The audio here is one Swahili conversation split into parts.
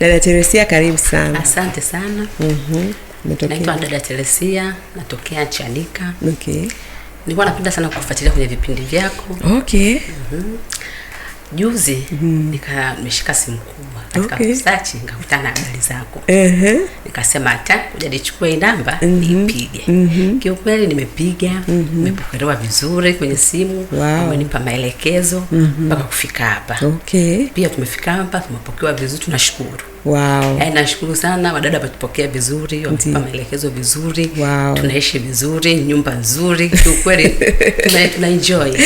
Dada Teresia, karibu sana. Asante sana. mm Naitwa Dada Teresia, natokea chalika Okay. Nilikuwa napenda sana kufuatilia kwenye vipindi vyako. Okay. mm Juzi mm-hmm. nika nimeshika simu kubwa okay. kusachi nikakutana na habari zako uh-huh. Nikasema hata kuja nichukue hii namba mm Kiukweli nimepiga mhm. nimepokelewa vizuri kwenye simu wow. Wamenipa maelekezo mhm. mpaka mm -hmm. kufika hapa okay. Pia tumefika hapa tumepokewa vizuri, tunashukuru. Wow. Eh, nashukuru sana wadada watupokea vizuri, wamepa maelekezo vizuri. Wow. Tunaishi vizuri, nyumba nzuri, kiukweli tuna enjoy.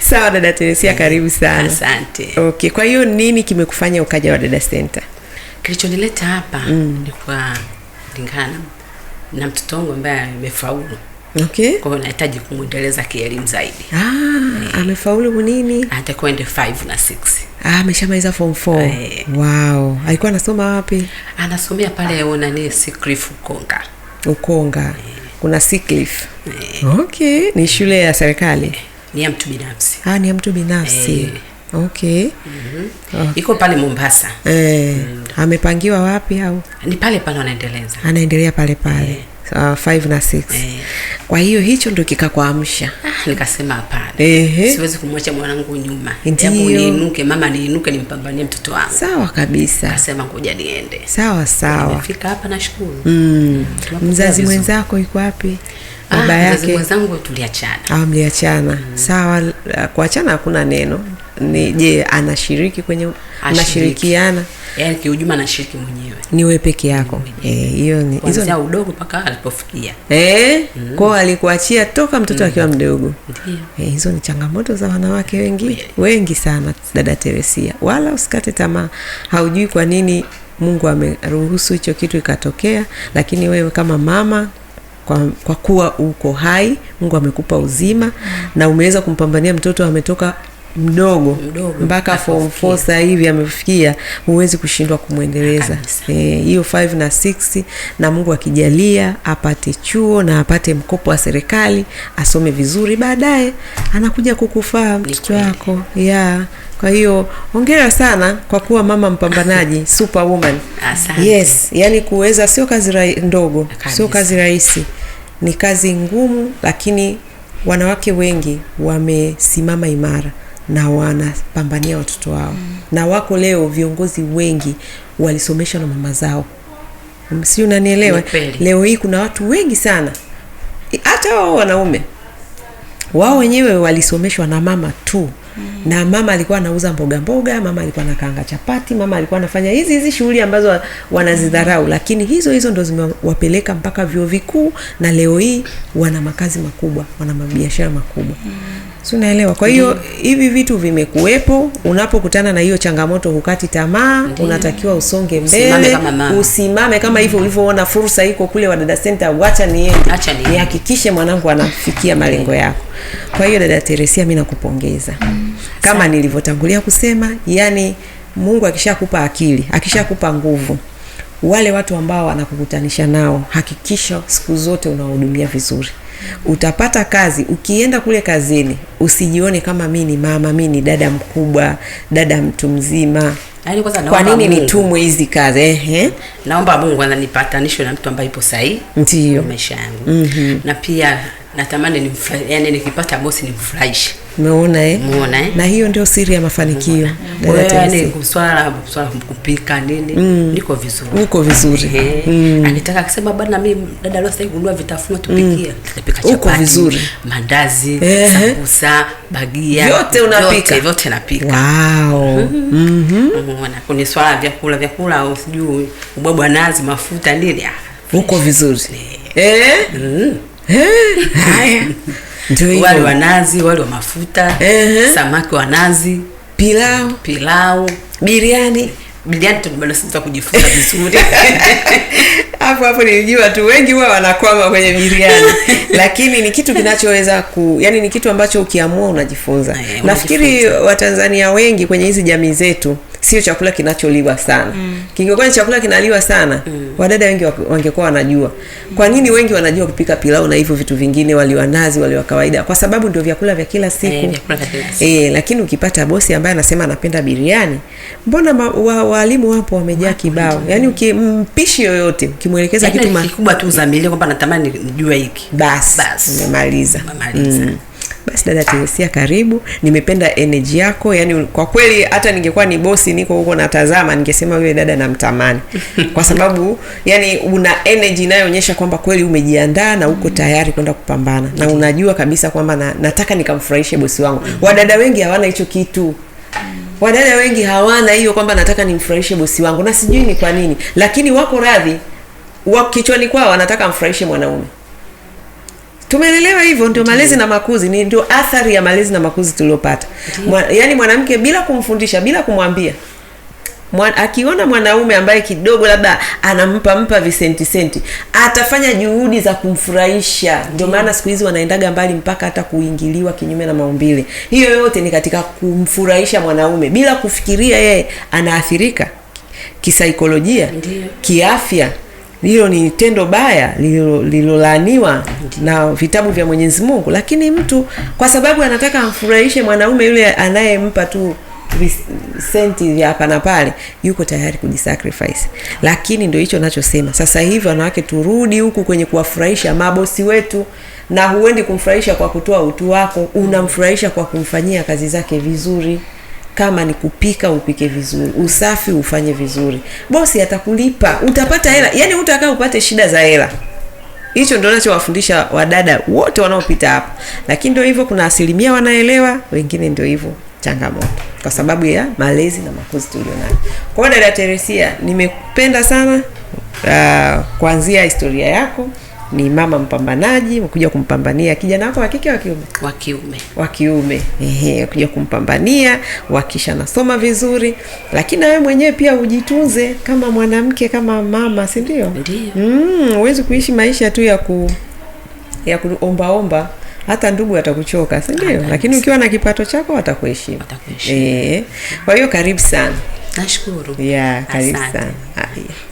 Sawa dada Teresia, eh, karibu sana. Asante. Okay, kwa hiyo nini kimekufanya ukaja Wadada Center? Kilichonileta hapa mm. ni kwa lingana na mtoto wangu ambaye amefaulu. Okay. Kwa hiyo nahitaji kumwendeleza kielimu zaidi. Ah, e, amefaulu nini? Atakwenda 5 na 6. Ah, ameshamaliza form 4. Eh. Wow. Alikuwa anasoma wapi? Anasomea pale nani Sikliff Ukonga. Ukonga. Eh. Kuna Sikliff. Eh. Okay, ni shule ya serikali. Ni ya mtu binafsi. Ah, ni ya mtu binafsi. Okay. Mm -hmm. Okay. Iko pale Mombasa. Eh. Mm. Amepangiwa wapi au? Ni pale pale anaendeleza. Anaendelea pale pale. Ae. Uh, five na six. Eh. Kwa hiyo hicho ndio kikakuamsha. Ah, nikasema hapana. Eh, siwezi kumwacha mwanangu nyuma. Hebu niinuke, mama niinuke nimpambanie mtoto wangu. Sawa kabisa. Nikasema ngoja niende. Sawa sawa. nifika hapa nashukuru. Mm. Mzazi mwenzako yuko wapi? Ah, Baba yake. Mzazi mwenzangu tuliachana. Ah, mliachana. Mm. Sawa, kuachana hakuna neno ni je anashiriki kwenye anashirikiana yani kiujuma anashiriki mwenyewe ni wewe peke yako eh, hiyo ni hizo udogo mpaka alipofikia eh mm. kwao alikuachia toka mtoto mm. akiwa mdogo e, hizo ni changamoto za wanawake wengi Mili. wengi sana dada Teresia wala usikate tamaa haujui kwa nini Mungu ameruhusu hicho kitu ikatokea lakini wewe kama mama kwa, kwa kuwa uko hai mungu amekupa uzima mm. na umeweza kumpambania mtoto ametoka mdogo mpaka form four sasa hivi amefikia, huwezi kushindwa kumwendeleza eh, hiyo e, na six, na Mungu akijalia apate chuo na apate mkopo wa serikali asome vizuri, baadaye anakuja kukufaa mtoto wako ya Kwa hiyo hongera sana kwa kuwa mama mpambanaji superwoman. Asante. Yes, yani kuweza sio kazi ndogo sio kazi rahisi, ni kazi ngumu, lakini wanawake wengi wamesimama imara na wanapambania watoto wao mm. na wako leo viongozi wengi walisomeshwa na mama zao, si unanielewa? Leo hii kuna watu wengi sana, hata wao wanaume wao wenyewe walisomeshwa na mama tu mm. na mama alikuwa anauza mboga mboga, mama alikuwa anakaanga chapati, mama alikuwa anafanya hizi hizi shughuli ambazo wanazidharau mm. lakini hizo hizo ndo zimewapeleka mpaka vyuo vikuu, na leo hii wana makazi makubwa, wana mabiashara makubwa mm si Kwa hiyo hivi vitu vimekuwepo. Unapokutana na hiyo changamoto, hukati tamaa, unatakiwa usonge mbele, usimame kama hivyo ulivyoona fursa iko kule Wadada Center, wacha niende nihakikishe mwanangu anafikia malengo yako. Kwa hiyo dada Teresia, mimi nakupongeza kama nilivyotangulia kusema, yani Mungu akishakupa akili, akishakupa nguvu wale watu ambao wanakukutanisha nao, hakikisha siku zote unawahudumia vizuri. Utapata kazi, ukienda kule kazini usijione kama mi ni mama, mi ni dada mkubwa, dada mtu mzima. Yaani Kwa nini nitumwe hizi kazi? eh? naomba Mungu nipatanishwe na mtu ambaye ipo sahii ndio maisha yangu. mm -hmm. na pia natamani nimfurahi, yani nikipata bosi nimfurahishe Umeona eh? Umeona eh? Na hiyo ndio siri ya mafanikio. Yaani swala swala kupika nini? Mm. Niko vizuri. Niko vizuri. Mm. Anitaka kusema bwana mimi dada leo sasa gundua vitafunwa tupikie. Mm. chapati. Uko vizuri. Mandazi, sambusa, bagia. Yote unapika. Yote, yote napika. Wow. Mhm. Mm Umeona. Kuna swala ya vyakula vyakula au sijui ubwabwa nazi mafuta nini? Ah. Uko vizuri. Eh? Mm. Eh? Haya. wali wa nazi, wali wa mafuta uh -huh. samaki wa nazi, pilau pilau, biriani biriani bado kujifunza vizuri hapo hapo. Nilijua tu wengi huwa wanakwama kwenye biriani lakini ni kitu kinachoweza ku, yani ni kitu ambacho ukiamua unajifunza. Eh, Nafikiri Watanzania wengi kwenye hizi jamii zetu sio chakula kinacholiwa sana mm. Kingekuwa ni chakula kinaliwa sana mm. Wadada wengi wangekuwa wanajua. Kwa nini wengi wanajua kupika pilau na hivyo vitu vingine, waliwanazi waliwa wa kawaida, kwa sababu ndio vyakula vya kila siku e, lakini ukipata bosi ambaye anasema anapenda biriani, mbona wa, walimu wapo wamejaa kibao. yaani ukimpishi yoyote ukimwelekeza yaani kitu kikubwa tu kwamba natamani nijue hiki, basi umemaliza basi dada Theresia, karibu, nimependa energy yako. Yani kwa kweli hata ningekuwa ni bosi niko huko natazama, ningesema yule dada namtamani, kwa sababu yani una energy inayoonyesha kwamba kweli umejiandaa na uko tayari kwenda kupambana na unajua kabisa kwamba na, nataka nikamfurahishe bosi wangu. Wadada wengi hawana hicho kitu wadada wengi hawana hiyo kwamba nataka nimfurahishe bosi wangu, na sijui ni kwa nini, lakini wako radhi wa kichwani kwao wanataka amfurahishe mwanaume tumeelewa hivyo, ndio malezi na makuzi, ni ndio athari ya malezi na makuzi tuliyopata. Mwa, yaani mwanamke bila kumfundisha, bila kumwambia Mwa, akiona mwanaume ambaye kidogo labda anampa mpa visenti senti atafanya juhudi za kumfurahisha. Ndio maana siku hizi wanaendaga mbali mpaka hata kuingiliwa kinyume na maumbile. Hiyo yote ni katika kumfurahisha mwanaume bila kufikiria yeye anaathirika kisaikolojia, kiafya hilo ni tendo baya lililolaniwa na vitabu vya Mwenyezi Mungu, lakini mtu kwa sababu anataka amfurahishe mwanaume yule anayempa tu senti ya hapa na pale, yuko tayari kujisacrifice. Lakini ndio hicho nachosema sasa hivi, wanawake turudi huku kwenye kuwafurahisha mabosi wetu, na huendi kumfurahisha kwa kutoa utu wako, unamfurahisha kwa kumfanyia kazi zake vizuri kama ni kupika upike vizuri, usafi ufanye vizuri, bosi atakulipa, utapata hela, yani utakaa upate shida za hela. Hicho ndo nachowafundisha wadada wote wanaopita hapa, lakini ndio hivyo, kuna asilimia wanaelewa, wengine ndio hivyo changamoto, kwa sababu ya malezi na makuzi tulionayo. Kwa dada Teresia, nimependa sana uh, kuanzia historia yako ni mama mpambanaji, kuja kumpambania kijana wako wa kike wa kiume, wa kiume, wa kiume, ehe, kuja kumpambania, wakisha nasoma vizuri, lakini nawe wewe mwenyewe pia ujitunze kama mwanamke, kama mama, si ndio? Mm, kuishi maisha tu ya ku ya kuombaomba hata ndugu atakuchoka, si ndio? Lakini ukiwa na kipato chako atakuheshimu. Eh, kwa hiyo karibu sana. Nashukuru. Yeah, karibu sana.